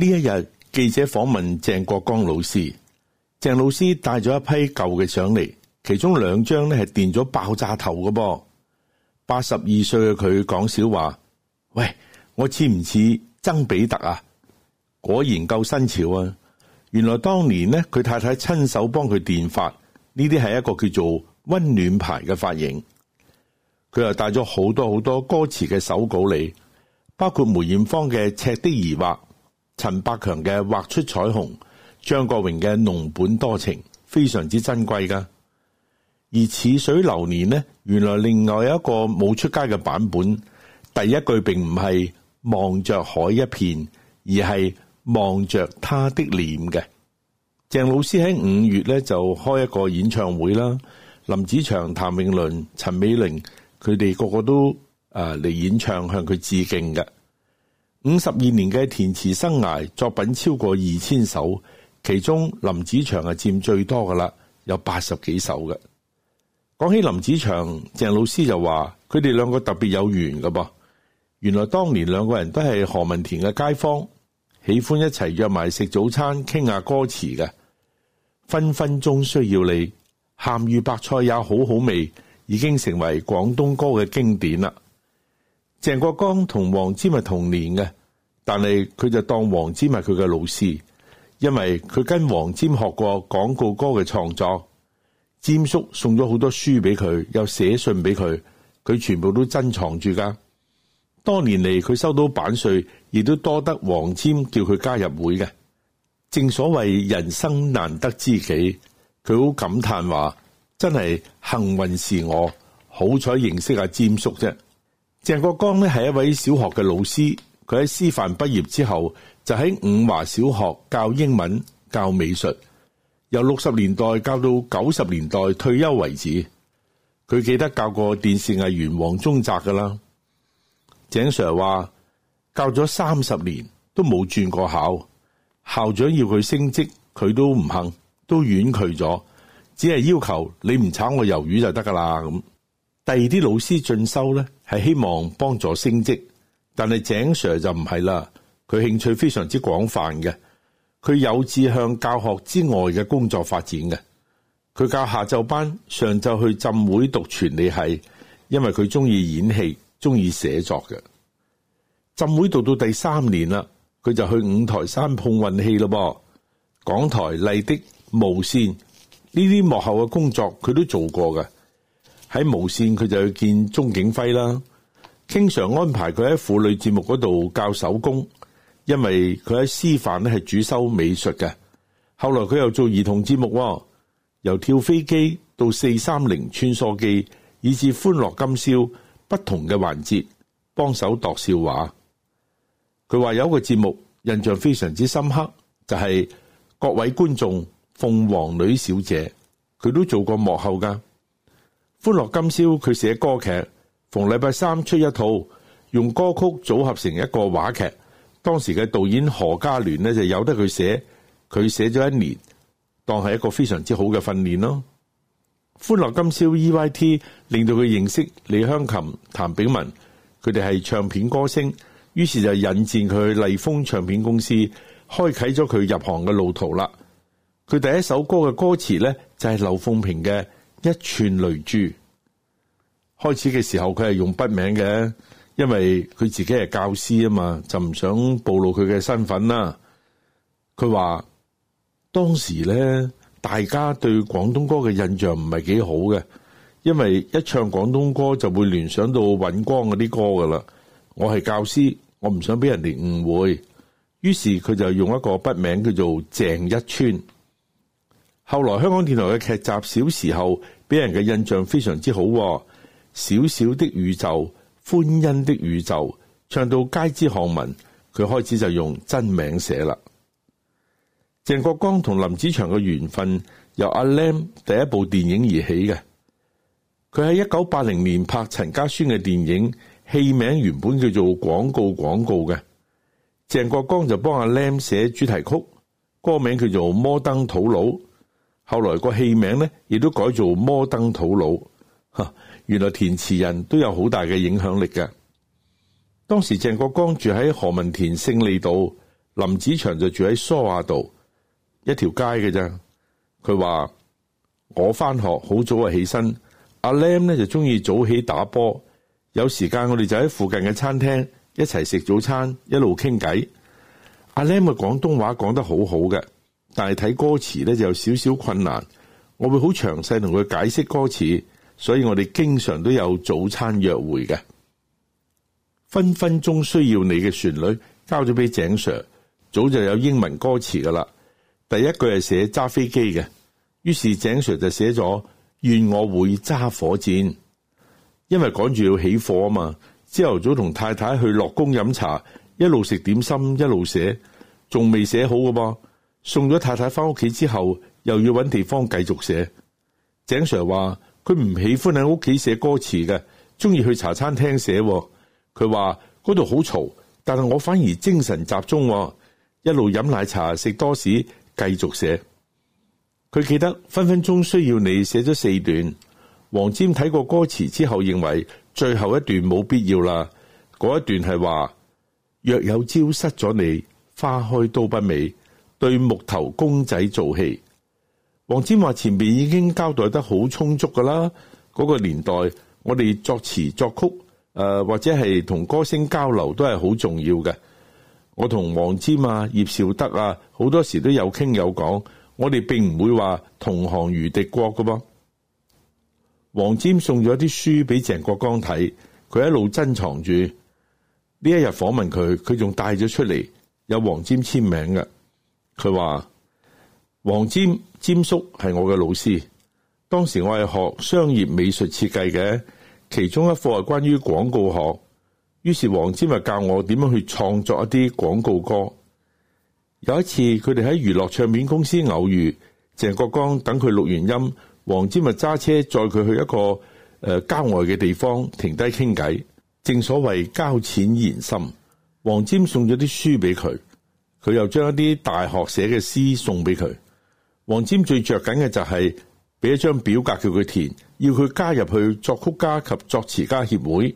呢一日，記者訪問鄭國江老師，鄭老師帶咗一批舊嘅上嚟，其中兩張咧係電咗爆炸頭嘅噃。八十二歲嘅佢講笑話，喂，我似唔似曾比特啊？果然夠新潮啊！原來當年呢，佢太太親手幫佢電髮，呢啲係一個叫做溫暖牌嘅髮型。佢又帶咗好多好多歌詞嘅手稿嚟，包括梅艷芳嘅《赤的疑惑》。陳百強嘅畫出彩虹，張國榮嘅儂本多情，非常之珍貴㗎。而似水流年呢，原來另外一個冇出街嘅版本，第一句並唔係望着海一片，而係望着他的臉嘅。鄭老師喺五月咧就開一個演唱會啦，林子祥、譚詠麟、陳美玲，佢哋個個都誒嚟演唱向佢致敬嘅。五十二年嘅填詞生涯，作品超過二千首，其中林子祥係佔最多噶啦，有八十幾首嘅。講起林子祥，鄭老師就話佢哋兩個特別有緣噶噃。原來當年兩個人都係何文田嘅街坊，喜歡一齊約埋食早餐，傾下歌詞嘅。分分鐘需要你、鹹魚白菜也好好味，已經成為廣東歌嘅經典啦。鄭國江同黃霑係同年嘅，但係佢就當黃霑係佢嘅老師，因為佢跟黃霑學過廣告歌嘅創作。霑叔送咗好多書俾佢，又寫信俾佢，佢全部都珍藏住㗎。多年嚟，佢收到版稅，亦都多得黃霑叫佢加入會嘅。正所謂人生難得知己，佢好感嘆話：真係幸運是我，好彩認識阿、啊、霑叔啫。鄭國江咧，係一位小學嘅老師，佢喺師範畢業之後就喺伍華小學教英文、教美術，由六十年代教到九十年代退休為止。佢記得教過電視藝員黃宗澤噶啦。鄭 sir 話教咗三十年都冇轉過校，校長要佢升職，佢都唔肯，都婉拒咗，只係要求你唔炒我魷魚就得噶啦咁。第二啲老師進修咧，係希望幫助升職，但係井 Sir 就唔係啦。佢興趣非常之廣泛嘅，佢有志向教學之外嘅工作發展嘅。佢教下晝班，上晝去浸會讀傳理系，因為佢中意演戲，中意寫作嘅。浸會讀到第三年啦，佢就去五台山碰運氣咯噃，港台、麗的、無線呢啲幕後嘅工作，佢都做過嘅。喺無綫佢就去見鍾景輝啦，經常安排佢喺婦女節目嗰度教手工，因為佢喺師範咧係主修美術嘅。後來佢又做兒童節目，哦，由跳飛機到四三零穿梭機，以至歡樂今宵不同嘅環節幫手度笑話。佢話有一個節目印象非常之深刻，就係、是、各位觀眾鳳凰女小姐，佢都做過幕後噶。歡樂今宵佢寫歌劇，逢禮拜三出一套，用歌曲組合成一個話劇。當時嘅導演何家聯呢，就由得佢寫，佢寫咗一年，當係一個非常之好嘅訓練咯。歡樂今宵 EYT 令到佢認識李香琴、譚炳文，佢哋係唱片歌星，於是就引薦佢去麗風唱片公司，開啟咗佢入行嘅路途啦。佢第一首歌嘅歌詞呢，就係劉鳳屏嘅。一串淚珠，開始嘅時候佢係用筆名嘅，因為佢自己係教師啊嘛，就唔想暴露佢嘅身份啦。佢話當時咧，大家對廣東歌嘅印象唔係幾好嘅，因為一唱廣東歌就會聯想到尹光嗰啲歌噶啦。我係教師，我唔想俾人哋誤會，於是佢就用一個筆名叫做鄭一川。後來香港電台嘅劇集，小時候俾人嘅印象非常之好。小小的宇宙，歡欣的宇宙，唱到街知巷聞。佢開始就用真名寫啦。鄭國江同林子祥嘅緣分由阿 Lam 第一部電影而起嘅。佢喺一九八零年拍陳家宣嘅電影，戲名原本叫做《廣告廣告》嘅。鄭國江就幫阿 Lam 寫主題曲，歌名叫做《摩登土佬》。後來個戲名咧，亦都改做《摩登土佬》。哈，原來填詞人都有好大嘅影響力嘅。當時鄭國光住喺何文田勝利道，林子祥就住喺梳化道，一條街嘅啫。佢話我翻學好早啊，起身。阿 Lam 咧就中意早起打波，有時間我哋就喺附近嘅餐廳一齊食早餐，一路傾偈。阿 Lam 嘅廣東話講得好好嘅。但係睇歌詞咧就有少少困難，我會好詳細同佢解釋歌詞，所以我哋經常都有早餐約會嘅，分分鐘需要你嘅旋律，交咗俾鄭 Sir，早就有英文歌詞噶啦。第一句係寫揸飛機嘅，於是鄭 Sir 就寫咗願我會揸火箭，因為趕住要起火啊嘛。朝頭早同太太去樂宮飲茶，一路食點心一路寫，仲未寫好噶噃。送咗太太翻屋企之後，又要揾地方繼續寫。井 Sir 話佢唔喜歡喺屋企寫歌詞嘅，中意去茶餐廳寫。佢話嗰度好嘈，但係我反而精神集中，一路飲奶茶食多士繼續寫。佢記得分分鐘需要你寫咗四段。黃霑睇過歌詞之後，認為最後一段冇必要啦。嗰一段係話：若有朝失咗你，花開都不美。對木頭公仔做戲，黃沾話前邊已經交代得好充足噶啦。嗰、那個年代，我哋作詞作曲，誒、呃、或者係同歌星交流都係好重要嘅。我同黃沾啊、葉紹德啊，好多時都有傾有講。我哋並唔會話同行如敵國噶噃。黃沾送咗啲書俾鄭國江睇，佢一路珍藏住。呢一日訪問佢，佢仲帶咗出嚟，有黃沾簽名嘅。佢話黃霑霑叔係我嘅老師，當時我係學商業美術設計嘅，其中一課係關於廣告學。於是黃霑咪教我點樣去創作一啲廣告歌。有一次佢哋喺娛樂唱片公司偶遇鄭國江，等佢錄完音，黃霑咪揸車載佢去一個誒、呃、郊外嘅地方停低傾偈。正所謂交淺言深」，黃霑送咗啲書俾佢。佢又將一啲大學寫嘅詩送俾佢。黃霑最着緊嘅就係俾一張表格叫佢填，要佢加入去作曲家及作詞家協會。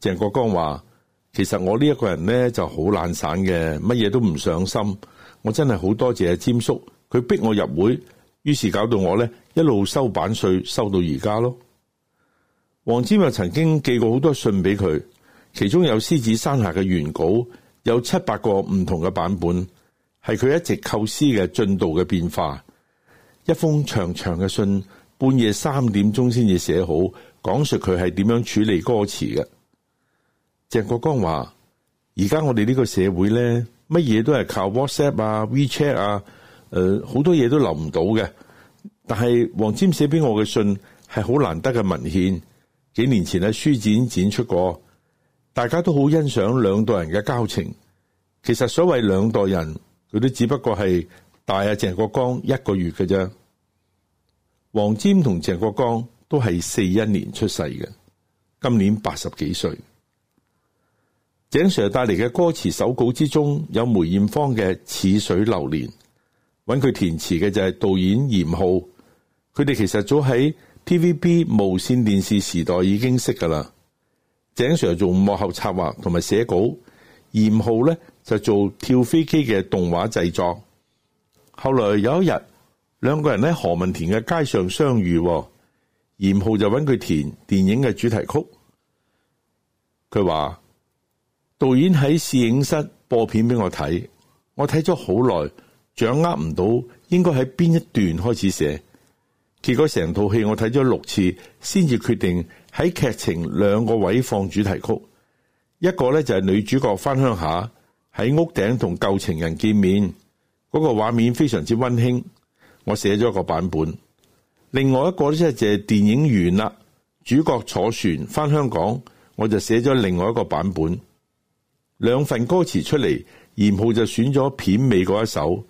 鄭國江話：其實我呢一個人咧就好懶散嘅，乜嘢都唔上心。我真係好多謝阿、啊、霑叔，佢逼我入會，於是搞到我咧一路收版稅，收到而家咯。黃霑又曾經寄過好多信俾佢，其中有《獅子山下》嘅原稿。有七八個唔同嘅版本，係佢一直構思嘅進度嘅變化。一封長長嘅信，半夜三點鐘先至寫好，講述佢係點樣處理歌詞嘅。鄭國光話：而家我哋呢個社會咧，乜嘢都係靠 WhatsApp 啊、WeChat 啊、呃，誒，好多嘢都留唔到嘅。但係黃霑寫俾我嘅信係好難得嘅文獻，幾年前喺書展展出過。大家都好欣賞兩代人嘅交情。其實所謂兩代人，佢都只不過係大阿鄭國江一個月嘅啫。黃霑同鄭國江都係四一年出世嘅，今年八十幾歲。鄭 Sir 帶嚟嘅歌詞手稿之中有梅艷芳嘅《似水流年》，揾佢填詞嘅就係導演嚴浩，佢哋其實早喺 TVB 無綫電視時代已經識㗎喇。井 Sir 做幕後策劃同埋寫稿，嚴浩咧就做跳飛機嘅動畫製作。後來有一日，兩個人喺何文田嘅街上相遇，嚴浩就搵佢填電影嘅主題曲。佢話導演喺攝影室播片俾我睇，我睇咗好耐，掌握唔到應該喺邊一段開始寫。結果成套戲我睇咗六次，先至決定喺劇情兩個位放主題曲。一個咧就係女主角翻鄉下喺屋頂同舊情人見面，嗰個畫面非常之溫馨。我寫咗一個版本。另外一個咧即係電影完啦，主角坐船翻香港，我就寫咗另外一個版本。兩份歌詞出嚟，然後就選咗片尾嗰一首，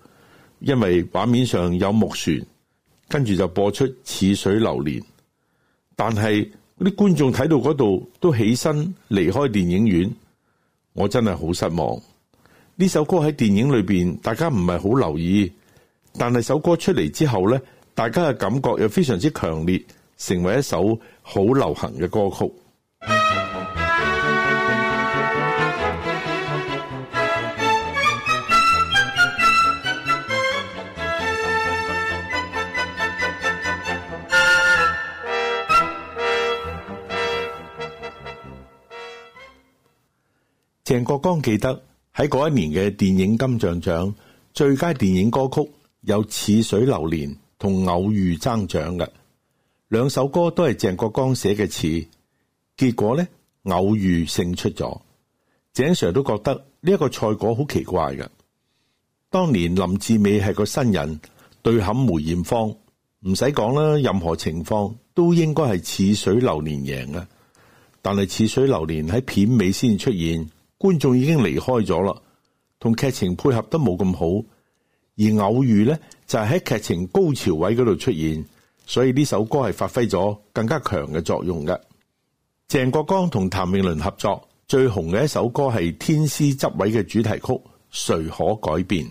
因為畫面上有木船。跟住就播出《似水流年》，但係啲觀眾睇到嗰度都起身離開電影院，我真係好失望。呢首歌喺電影裏邊，大家唔係好留意，但係首歌出嚟之後咧，大家嘅感覺又非常之強烈，成為一首好流行嘅歌曲。鄭國江記得喺嗰一年嘅電影金像獎，最佳電影歌曲有《似水流年》同《偶遇》爭獎，嘅兩首歌都，都係鄭國江寫嘅詞。結果咧，《偶遇》勝出咗。鄭 Sir 都覺得呢一個賽果好奇怪嘅。當年林志美係個新人，對冚梅艷芳，唔使講啦，任何情況都應該係《似水流年》贏嘅，但係《似水流年》喺片尾先出現。觀眾已經離開咗啦，同劇情配合得冇咁好，而偶遇呢，就係喺劇情高潮位嗰度出現，所以呢首歌係發揮咗更加強嘅作用嘅。鄭國江同譚詠麟合作最紅嘅一首歌係《天師執位》嘅主題曲《誰可改變》。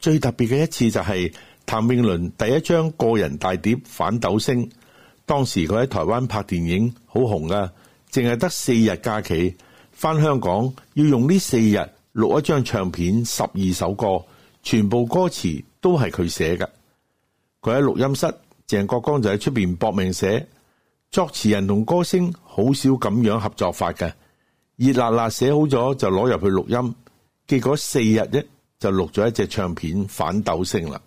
最特別嘅一次就係譚詠麟第一張個人大碟《反斗星》，當時佢喺台灣拍電影好紅噶，淨係得四日假期，翻香港要用呢四日錄一張唱片，十二首歌，全部歌詞都係佢寫嘅。佢喺錄音室，鄭國江就喺出邊搏命寫，作詞人同歌星好少咁樣合作法嘅，熱辣辣寫好咗就攞入去錄音，結果四日啫就錄咗一隻唱片反斗星啦。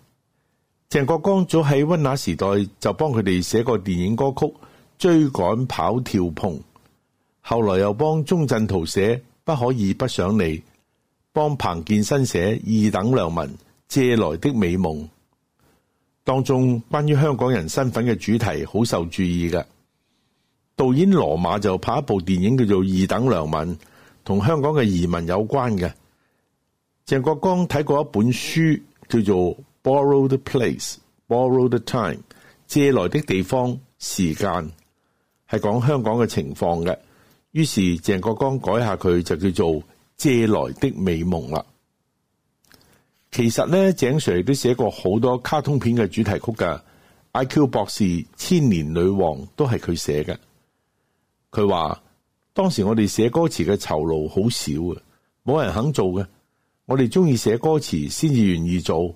鄭國江早喺溫拿時代就幫佢哋寫過電影歌曲《追趕跑跳碰》。後來又幫鍾振濤寫《不可以不想你》，幫彭建新寫《二等良民》借來的美夢當中，關於香港人身份嘅主題好受注意嘅。導演羅馬就拍一部電影叫做《二等良民》，同香港嘅移民有關嘅。鄭國光睇過一本書叫做《Borrowed Place, Borrowed Time》，借來的地方、時間，係講香港嘅情況嘅。於是鄭國江，改下佢就叫做借來的美夢啦。其實咧，鄭 Sir 亦都寫過好多卡通片嘅主題曲噶，《I.Q. 博士》、《千年女王》都係佢寫嘅。佢話當時我哋寫歌詞嘅酬勞好少啊，冇人肯做嘅。我哋中意寫歌詞先至願意做，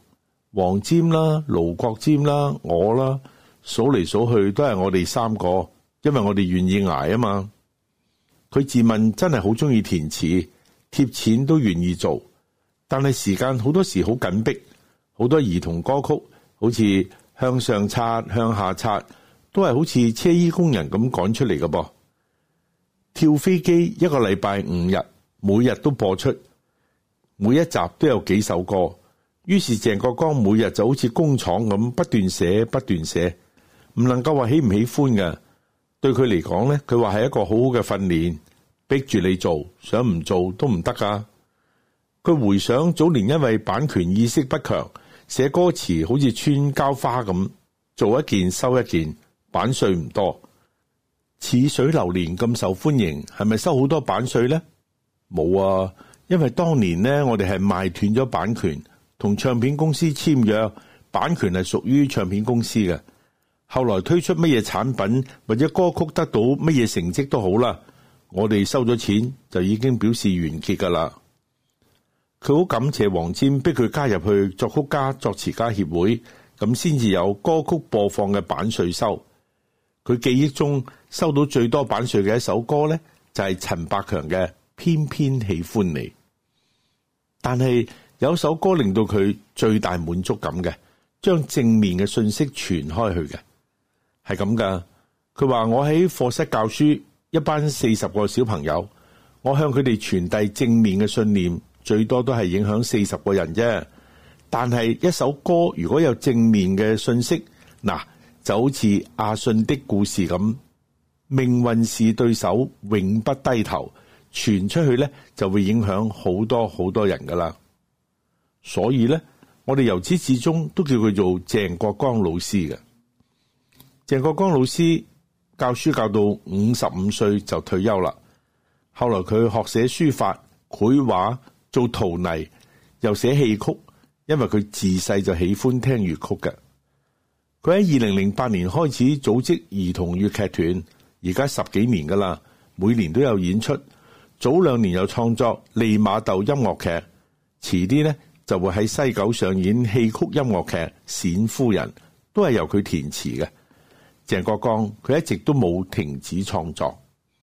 黃霑啦、盧國沾啦、我啦，數嚟數去都係我哋三個，因為我哋願意挨啊嘛。佢自問真係好中意填詞，貼錢都願意做，但係時間好多時好緊迫。好多兒童歌曲好似向上擦，向下擦，都係好似車衣工人咁趕出嚟嘅噃。跳飛機一個禮拜五日，每日都播出，每一集都有幾首歌。於是鄭國江每日就好似工廠咁不斷寫不斷寫，唔能夠話喜唔喜歡嘅。對佢嚟講咧，佢話係一個好好嘅訓練，逼住你做，想唔做都唔得噶。佢回想早年因為版權意識不強，寫歌詞好似穿膠花咁，做一件收一件，版稅唔多。似水流年咁受歡迎，係咪收好多版稅呢？冇啊，因為當年呢，我哋係賣斷咗版權，同唱片公司簽約，版權係屬於唱片公司嘅。後來推出乜嘢產品或者歌曲得到乜嘢成績都好啦，我哋收咗錢就已經表示完結噶啦。佢好感謝黃沾，逼佢加入去作曲家作詞家協會，咁先至有歌曲播放嘅版稅收。佢記憶中收到最多版稅嘅一首歌咧，就係陳百強嘅《偏偏喜歡你》。但係有首歌令到佢最大滿足感嘅，將正面嘅信息傳開去嘅。係咁噶，佢話我喺課室教書，一班四十個小朋友，我向佢哋傳遞正面嘅信念，最多都係影響四十個人啫。但係一首歌如果有正面嘅信息，嗱就好似阿信的故事咁，命運是對手，永不低頭，傳出去咧就會影響好多好多人噶啦。所以咧，我哋由始至終都叫佢做鄭國江老師嘅。鄭國江老師教書教到五十五歲就退休啦。後來佢學寫書法、繪畫、做陶泥，又寫戲曲。因為佢自細就喜歡聽粵曲嘅。佢喺二零零八年開始組織兒童粵劇團，而家十幾年噶啦，每年都有演出。早兩年又創作《利瑪竇》音樂劇，遲啲呢就會喺西九上演戲曲音樂劇《冼夫人》，都係由佢填詞嘅。鄭國江佢一直都冇停止創作。